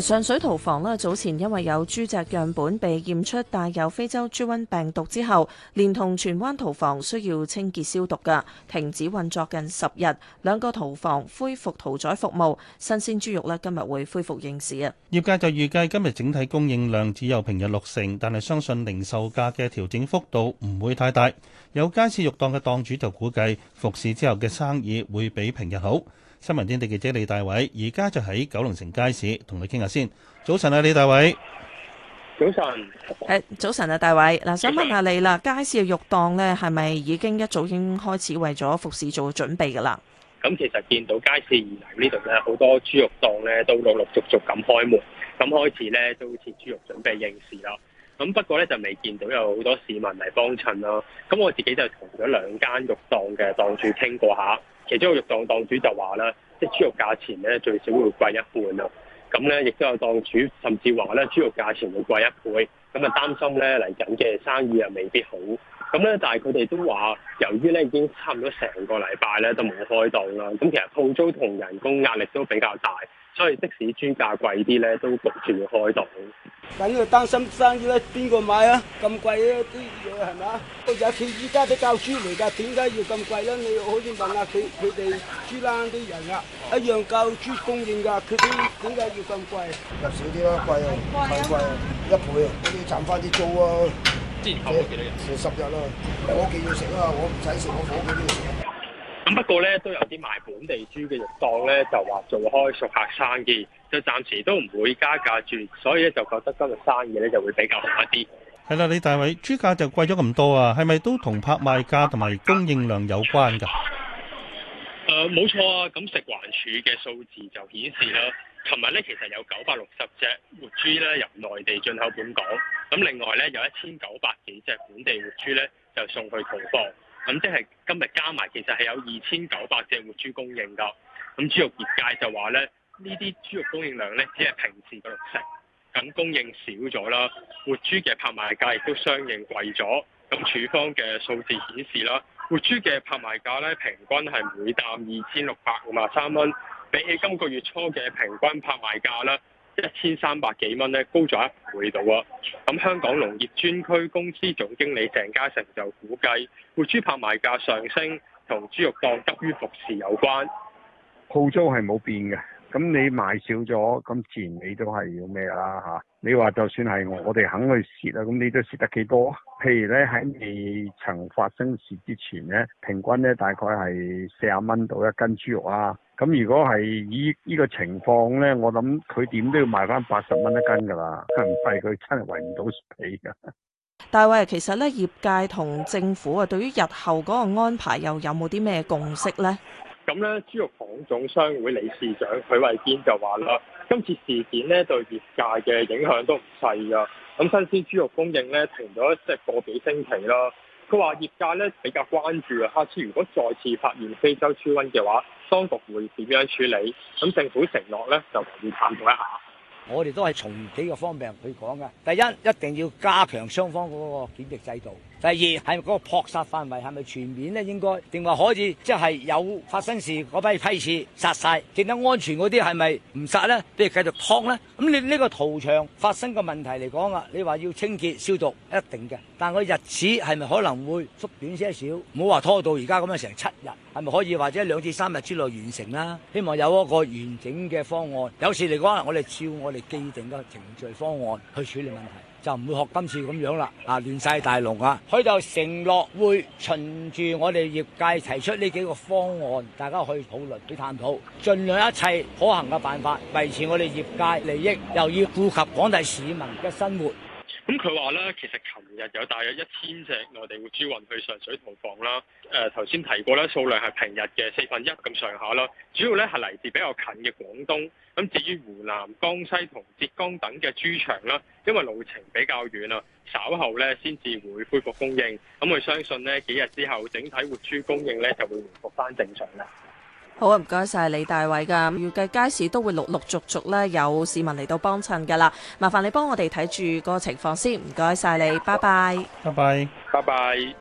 上水屠房呢，早前因為有豬隻樣本被驗出帶有非洲豬瘟病毒之後，連同荃灣屠房需要清潔消毒噶，停止運作近十日。兩個屠房恢復屠宰服務，新鮮豬肉呢今日會恢復應市啊。業界就預計今日整體供應量只有平日六成，但係相信零售價嘅調整幅度唔會太大。有街市肉檔嘅檔主就估計，復市之後嘅生意會比平日好。新聞天地記者李大偉，而家就喺九龍城街市同你傾下先。早晨啊，李大偉。早晨安。係早晨啊，大偉。嗱安，想問一下你啦，街市嘅肉檔咧，係咪已經一早已經開始為咗復市做準備噶啦？咁其實見到街市而嚟呢度咧，好多豬肉檔咧都陸陸續續咁開門，咁開始咧都切豬肉準備應市啦。咁不過咧就未見到有好多市民嚟幫襯啦。咁我自己就同咗兩間肉檔嘅檔主傾過一下。其中個肉檔檔主就話啦，即豬肉價錢咧最少會貴一半啦。咁咧，亦都有檔主甚至話咧豬肉價錢會貴一倍。咁啊，擔心咧嚟緊嘅生意又未必好。咁咧，但係佢哋都話，由於咧已經差唔多成個禮拜咧都冇開檔啦。咁其實鋪租同人工壓力都比較大。所以即使豬價貴啲咧，都焗住開檔。咁啊，擔心生意咧，邊個買啊？咁貴啊啲嘢係嘛？而且依家都交豬嚟㗎，點解要咁貴咧？你可以問下佢佢哋豬欄啲人啊，一樣交豬供應㗎，佢哋點解要咁貴？入少啲啦，貴係貴，一倍，我要賺翻啲租啊！之前扣咗幾多日？成十日啦，我幾要食啊！我唔使食，我火佢。不過咧都有啲賣本地豬嘅肉檔咧，就話做開熟客生意，就暫時都唔會加價住，所以咧就覺得今日生意咧就會比較好一啲。係啦，李大煒，豬價就貴咗咁多啊，係咪都同拍賣價同埋供應量有關噶？誒、呃，冇錯啊！咁食環署嘅數字就顯示啦，琴日咧其實有九百六十隻活豬咧由內地進口本港，咁另外咧有一千九百幾隻本地活豬咧就送去屠房。咁即係今日加埋，其實係有二千九百隻活豬供應㗎。咁豬肉業界就話咧，呢啲豬肉供應量咧只係平時嘅六成，咁供應少咗啦，活豬嘅拍賣價亦都相應貴咗。咁署方嘅數字顯示啦，活豬嘅拍賣價咧平均係每擔二千六百五十三蚊，比起今個月初嘅平均拍賣價啦，一千三百幾蚊咧，1> 1, 元高咗一倍到啊！咁香港農業專區公司總經理鄭嘉誠就估計活豬拍賣價上升，同豬肉檔急於復市有關。鋪租係冇變嘅，咁你賣少咗，咁自然你都係要咩啦嚇？你話就算係我哋肯去蝕啊，咁你都蝕得幾多啊？譬如咧喺未曾發生事之前咧，平均咧大概係四十蚊到一斤豬肉啊。咁如果係以依個情況咧，我諗佢點都要賣翻八十蚊一斤噶啦，唔係佢真係圍唔到皮噶。大煒，其實咧業界同政府啊，對於日後嗰個安排又有冇啲咩共識咧？咁咧，豬肉房總商會理事長許慧堅就話啦，今次事件咧對業界嘅影響都唔細啊。咁新鮮豬肉供應咧停咗即係個幾星期咯。佢話業界咧比較關注啊，下次如果再次發現非洲豬瘟嘅話，當局會點樣處理？咁政府承諾咧就會探討一下。我哋都係從幾個方面去講嘅。第一，一定要加強雙方嗰個檢疫制度。第二係咪嗰個撲殺範圍係咪全面呢？應該定話可以即係有發生事嗰批批次殺晒，剩低安全嗰啲係咪唔殺呢？不如繼續撲呢？咁你呢個屠場發生嘅問題嚟講啊，你話要清潔消毒，一定嘅。但個日子係咪可能會縮短些少？唔好話拖到而家咁樣成七日，係咪可以或者兩至三日之內完成啦？希望有一個完整嘅方案。有事嚟講，我哋照我哋既定嘅程序方案去處理問題。就唔會學今次咁樣啦！啊，亂晒大龍啊！佢就承諾會循住我哋業界提出呢幾個方案，大家去討論去探討，盡量一切可行嘅辦法維持我哋業界利益，又要顧及廣大市民嘅生活。咁佢話咧，其實琴日有大約一千隻內地活豬運去上水屠房啦。呃、頭先提過咧，數量係平日嘅四分一咁上下啦。主要咧係嚟自比較近嘅廣東。咁至於湖南、江西同浙江等嘅豬場啦，因為路程比較遠啊，稍後咧先至會恢復供應。咁我相信呢幾日之後整體活豬供應咧就會恢復翻正常啦。好啊，唔該晒，李大煒噶，預計街市都會陸陸續續咧有市民嚟到幫襯嘅啦，麻煩你幫我哋睇住個情況先，唔該晒你，拜拜。拜拜，拜拜。拜拜。